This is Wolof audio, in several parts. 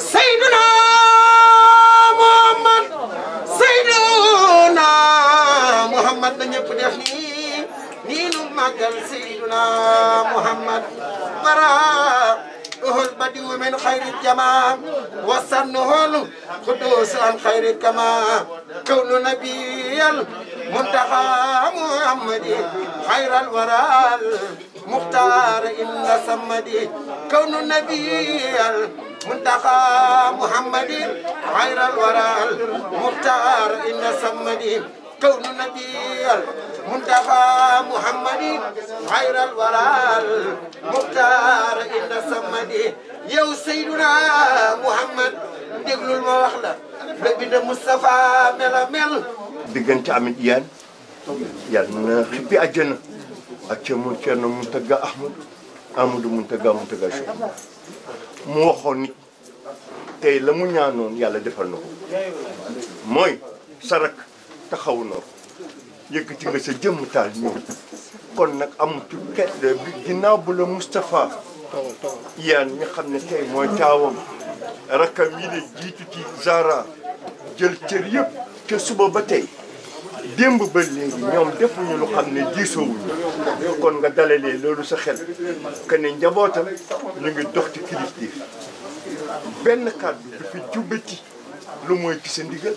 Seydina Muhammad Seydina Muhammad na ñëpp def nii nii nu màggal Seydina Muhammad bara أهل بدي من خير الجماع وصنه القدوس عن خير الكما كون نبي المنتهى محمد خير الورى المختار إن سمدي كون نبي منتقى محمد غير الوراء المختار إن سمدي كون نبي منتقى محمد غير الوراء المختار إن سمدي يو سيدنا محمد دقلوا ما وخلا ببدا مصطفى ملا مل diggante Amin Iyane yàlla na xippi àjjana ak ca mu Cerno Muntaga Ahmad Amadou Muntaga Muntaga Cheikh mu waxoon nit tey la mu ñaanoon yàlla defal na ko mooy sa rak taxawu na ko yëkkati nga sa jëmm taal ñëw kon nag amatu kenn ginnaaw bu la Moustapha yaan ñi xam ne tey mooy taawam rakam yi ne jiitu ci Zara jël cër yëpp te suba ba tey démb ba léegi ñoom defuñu lu xam ne diisoowuñu kon nga dalalee loolu sa xel que ne njabootam ñu ngi dox ci kilifteef benn kàddu du fi jubbati lu mooy ci sa ndigal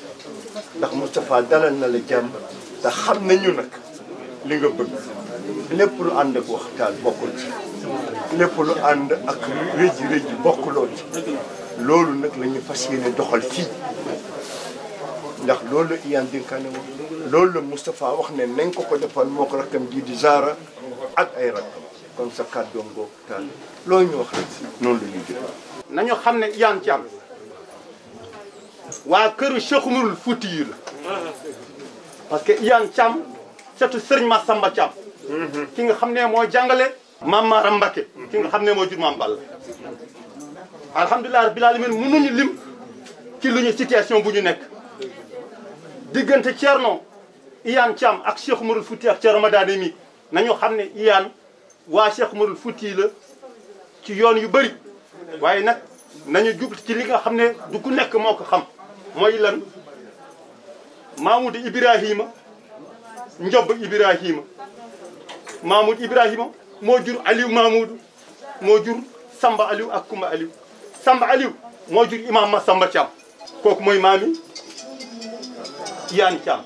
ndax Moustapha dalal na la jàmm ndax xam nañu nag li nga bëgg lépp lu ànd ak waxtaan bokkul ci lépp lu ànd ak rëj rëj bokkuloo ci loolu nag la ñu fas yéene doxal fii ndax loolu la iyaan dénkaane woon loolu la Moustapha wax ne nañ ko ko defal moo ko rakkam jii di Zara ak ay rakkam kon sa kàddoom googu taal loolu ñu wax rek noonu la ñuy jëf nañu xam ne iyaan ci am waa kër Cheikh Oumarul Fouti yi la parce que Iyane Thiam surtout Serigne Massamba Thiam mhm. ki nga xam ne moo jàngale Mame Maram Mbacké mhm. ki nga xam ne moo jur Mame Balla alhamdulilah rabbil alamin mënuñu lim ci luñu situation bu ñu nekk diggante Thierno Iyane Thiam ak Cheikh Umarul Fouti ak Thierno Madani mi nañu xam ne Iyane waa Cheikh Umarul Fouti la ci yoon yu bëri waaye nag nañu jublu ci li nga xam ne du ku nekk moo ko xam mooy lan Mahmoud Ibrahima Njob Ibrahima Mahmoud Ibrahima moo jur Aliou Mahmoud moo jur Samba Aliou ak Kumba Aliou Samba Aliou moo jur imam Masamba Thiam kooku mooy maami Tidiane Thiam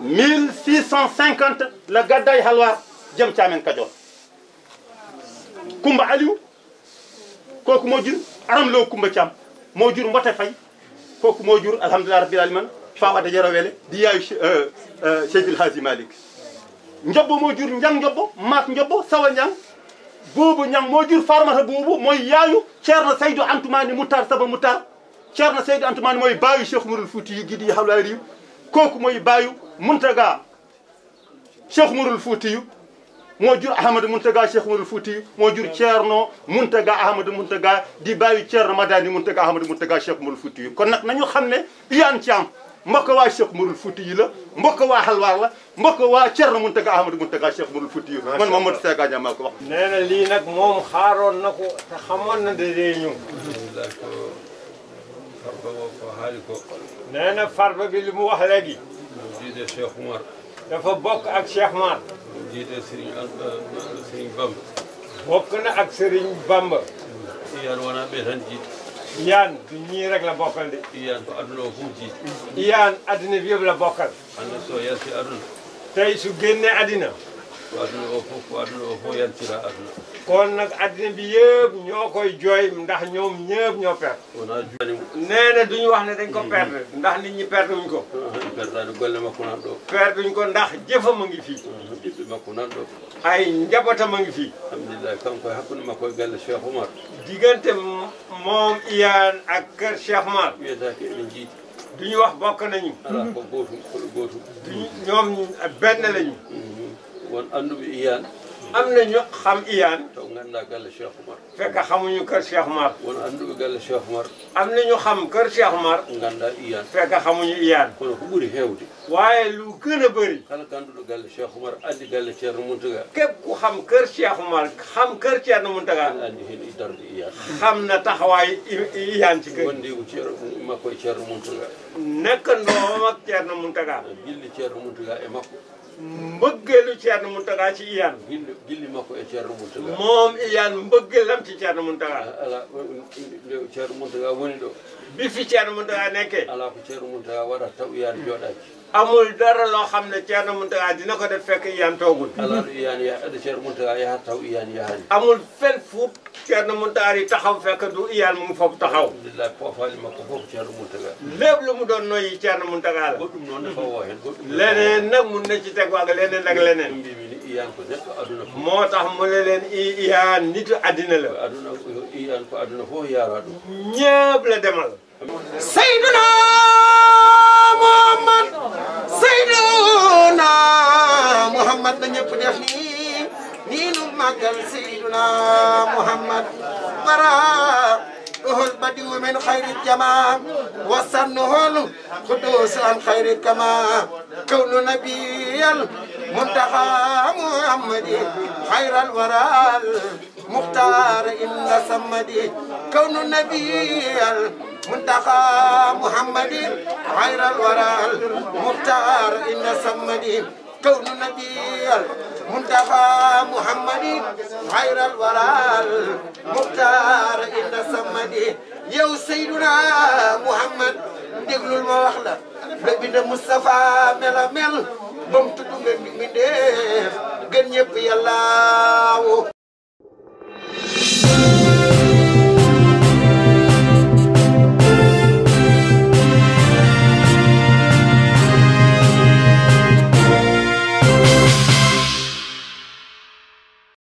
1650 la gàddaay Halwaar jëm Thiamène Kajoor Kumba Aliou kooku moo jur Aram Lo Kumba Thiam moo jur Mbote Fay kooku moo jur alhamdulilah rabbil alamin Fawa Dajara Wele di yaayu euh, euh, Cheikh El Hadji Njobbo moo jur Njang Njobbo Maak Njobbo Sawa Njang Boobu Njang moo jur Farmata Boobu mooy yaayu Ceerno Saydu Antumaani Mutar Saba Mutar Cerno Seydi Anta Maane mooy baayu Cheikh Umarul Fuuti yu gi di xawlaay riiw kooku mooy baayu Muntaga Cheikh Umarul Fuuti yu moo jur Ahmad Muntaga Cheikh Umarul Fuuti moo jur Cerno Muntaga Ahmad Muntaga di baayu Cerno Madani Muntaga Ahmad Muntaga Cheikh Umarul Fuuti yu kon nag nañu xam ne Iyaan Caam mbokk waa Cheikh Mourou Fouti yi la mbokk waa Halwaar la mbokk waa Thierno Mountaga Ahmadou Mountaga Cheikh Mourou Fouti yi man Mamadou Sega Niang maa ko wax nee na lii nag moom xaaroon na ko te xamoon farba woo ko bi li mu wax léegi mu jiite Cheikh Oumar dafa bokk ak Cheikh Mar bokk na ak Serigne Bamba iyaan wonaa ɓee tan iyaan du ñii rek la bokkal de iyaan ko aduna o fu mu iyaan adduna bi yëpp la bokkal xam ne soo yar su génnee addina ko aduna o fof ko aduna o fof yantira aduna kon nag addina bi yëpp ñoo koy jooy ndax ñoom ñëpp ñoo perte nee na duñu wax ne dañ ko perte ndax ni ñi perte wuñ ko pertaani ko ndax jëfam a ngi fi ɓiɓɓe makko nan ɗo ay njabotam a ngi fii alhamdulillahi kanko e hakkude makko e galle Cheikh Oumar diggante moom iyaan ak kër Cheikh Oumar wiyetake duñu wax bokk nañu duñu ñoom benn lañu won anduɓe iyan am nañu xam iyan to ganda galle cheikh oumar fekk xamuñu kër cheikh oumar won anduɓe galle cheikh oumar am nañu xam kër cheikh oumar ganda iyan fekk xamuñu iyan kono ko ɓuri heewde waaye lu gën a bëri kala ganduɗo galle cheikh oumar andi galle ceerno muntaga képp ku xam kër cheikh oumar xam kër ceerno muntaga andi hen darde iyan xam na taxawaay iyan ci kër wonde ko ceerno makko e ceerno muntaga nekkandoo ak ceerno muntaga jilli ceerno muntaga e makko mbëggeelu Thierno Mountakha ci Iyane. gilli gilli ma ko e Thierno Mountakha. moom Iyane mbëggeelam ci Thierno Mountakha. Ah, ala Thierno Mountakha woni ɗo. bi fi Thierno Mountakha nekkee. ala ko Thierno amul dara loo xam ne Thierno Mountaga dina ko def fekk iyaan toogul alaan taw iyaan amul fen fu Thierno Mountaga yi taxaw fekk du iyaan mu foofu taxaw alhamdulilah poofaali ma ko foofu Thierno mu doon noyyi Thierno Mountaga mun goɗɗum noon dafa woohen leneen nag mun na ci teg waaga leneen ak leneen mbimini iyaan moo tax mu ne leen iyaan nitu addina la aduna iyaan ko aduna foof la demal سيدنا محمد براه البديع من خير الجماع وسنه القدوس عن خير كما كون نبي المنتهى محمد خير الورى المختار إن سمدي كون النبي المنتهى محمد خير الورى المختار إن سمدي كون نبي منتهى محمد غير الورال مختار إلا سمدي يو سيدنا محمد ديغلول ما واخلا بيد مصطفى ملا مل بام تودو مي ديف gën ñëpp yàllaaw